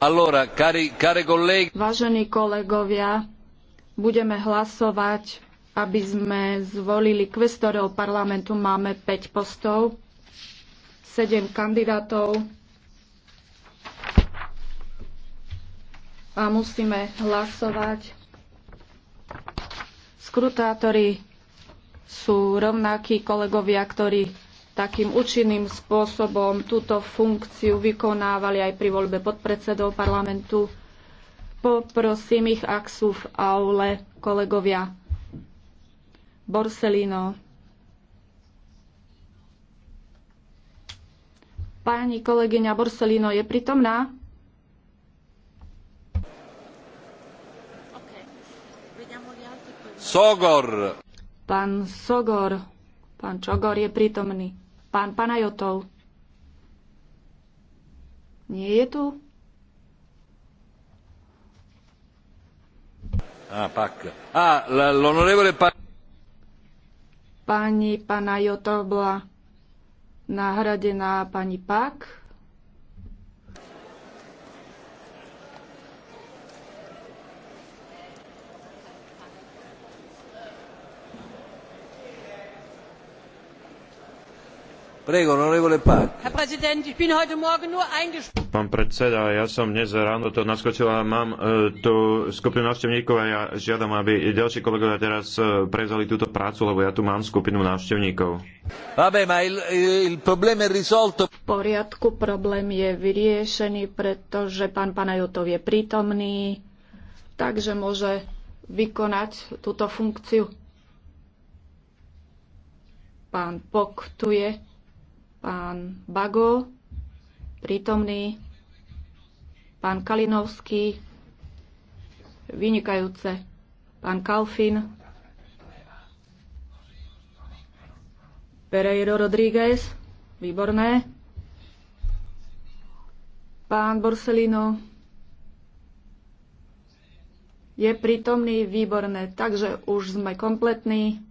Allora, cari, cari colleghi... Vážení kolegovia, budeme hlasovať, aby sme zvolili kvestorov parlamentu. Máme 5 postov, 7 kandidátov a musíme hlasovať. Skrutátori sú rovnakí kolegovia, ktorí takým účinným spôsobom túto funkciu vykonávali aj pri voľbe podpredsedov parlamentu. Poprosím ich, ak sú v aule kolegovia. Borsellino. Pani kolegyňa Borsellino je pritomná? Sogor. Pán Sogor, pán Čogor je prítomný. Pán Panajotov. Nie je tu? Ah, pak. Ah, l'onorevole pa... Pani Panajotov bola nahradená pani Pak. Pán predseda, ja som dnes ráno to naskočil a mám e, tú skupinu návštevníkov a ja žiadam, aby ďalší kolegovia teraz e, prevzali túto prácu, lebo ja tu mám skupinu návštevníkov. V poriadku, problém je vyriešený, pretože pán Panajotov je prítomný, takže môže vykonať túto funkciu. Pán Pok tu je pán Bago, prítomný, pán Kalinovský, vynikajúce, pán Kalfin, Pereiro Rodríguez, výborné, pán Borsellino, je prítomný, výborné, takže už sme kompletní.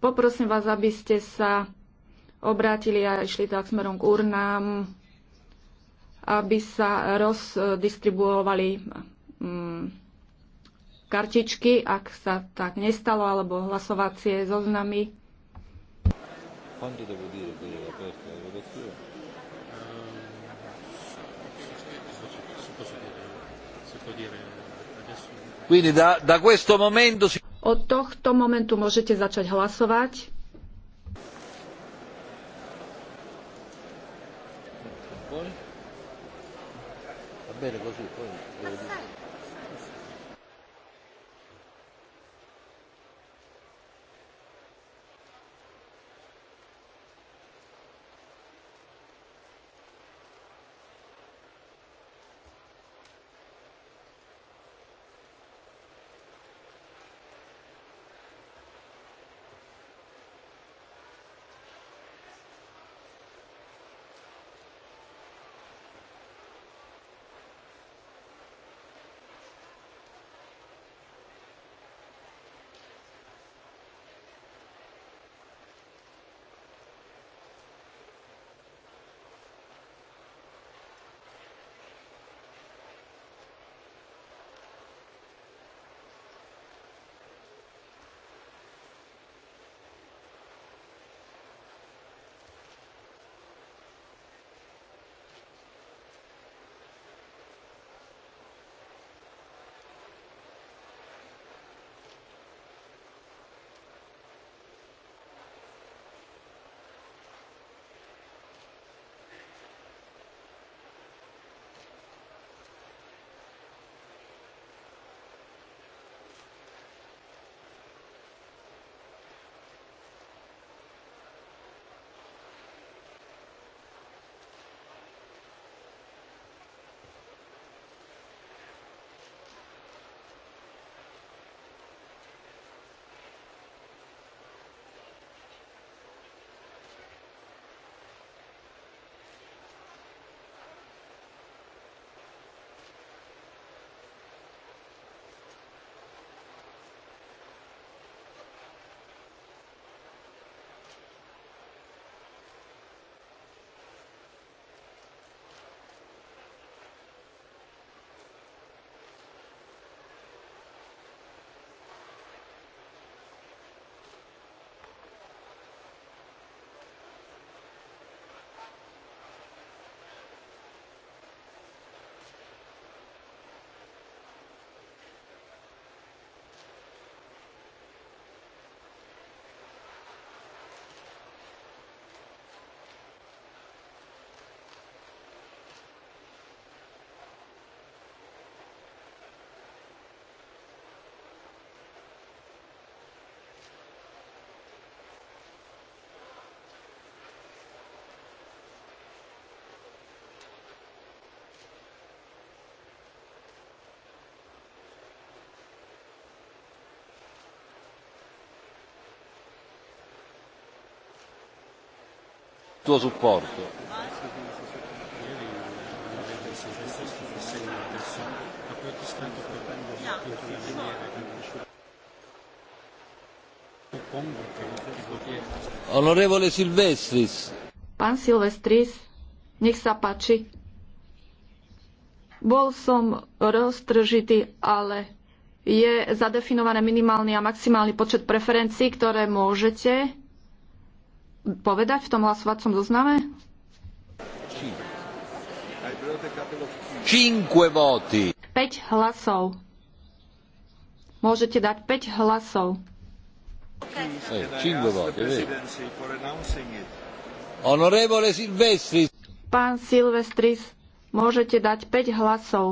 Poprosím vás, aby ste sa obrátili a išli tak smerom k urnám, aby sa rozdistribuovali mm, kartičky, ak sa tak nestalo, alebo hlasovacie zoznamy. Quando devo dire che è aperta la votazione? Quindi da, da questo momento si... Od tohto momentu môžete začať hlasovať. Bene, così poi tuo supporto. Onorevole Silvestris. Pán Silvestris, nech sa páči. Bol som roztržitý, ale je zadefinované minimálny a maximálny počet preferencií, ktoré môžete povedať v tom hlasovacom zozname? 5 hlasov. Môžete dať 5 hlasov. Eh, Pán Silvestris, môžete dať 5 hlasov.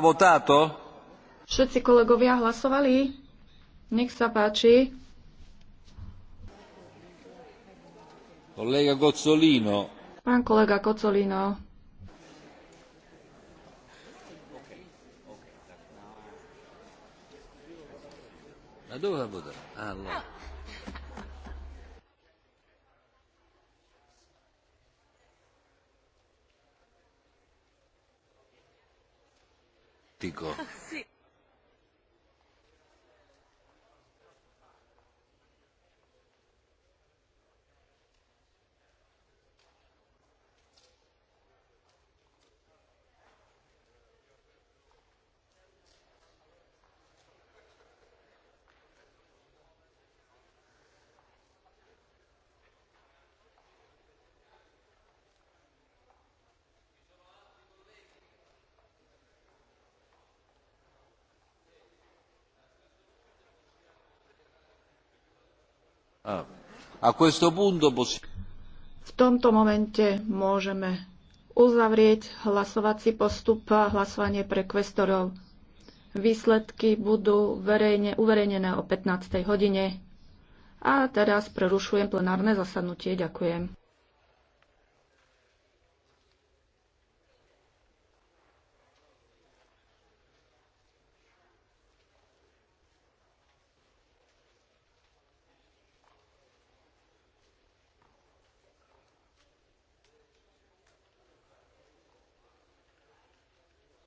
votato? Všetci kolegovia hlasovali? Nech sa páči. Kolega Gozzolino. Pán kolega Kocolino. Ma dove la votare? Ah, allora. didáctico. Sí. V tomto momente môžeme uzavrieť hlasovací postup a hlasovanie pre kvestorov. Výsledky budú verejne, uverejnené o 15. hodine. A teraz prerušujem plenárne zasadnutie. Ďakujem.